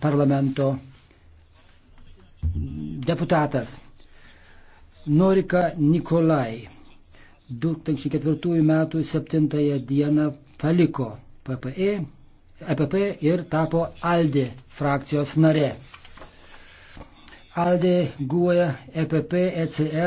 parlamento deputatas Norika Nikolai 2004 m. 7 d. paliko PPE, EPP ir tapo ALDE frakcijos nare. ALDE guoja EPP, ECR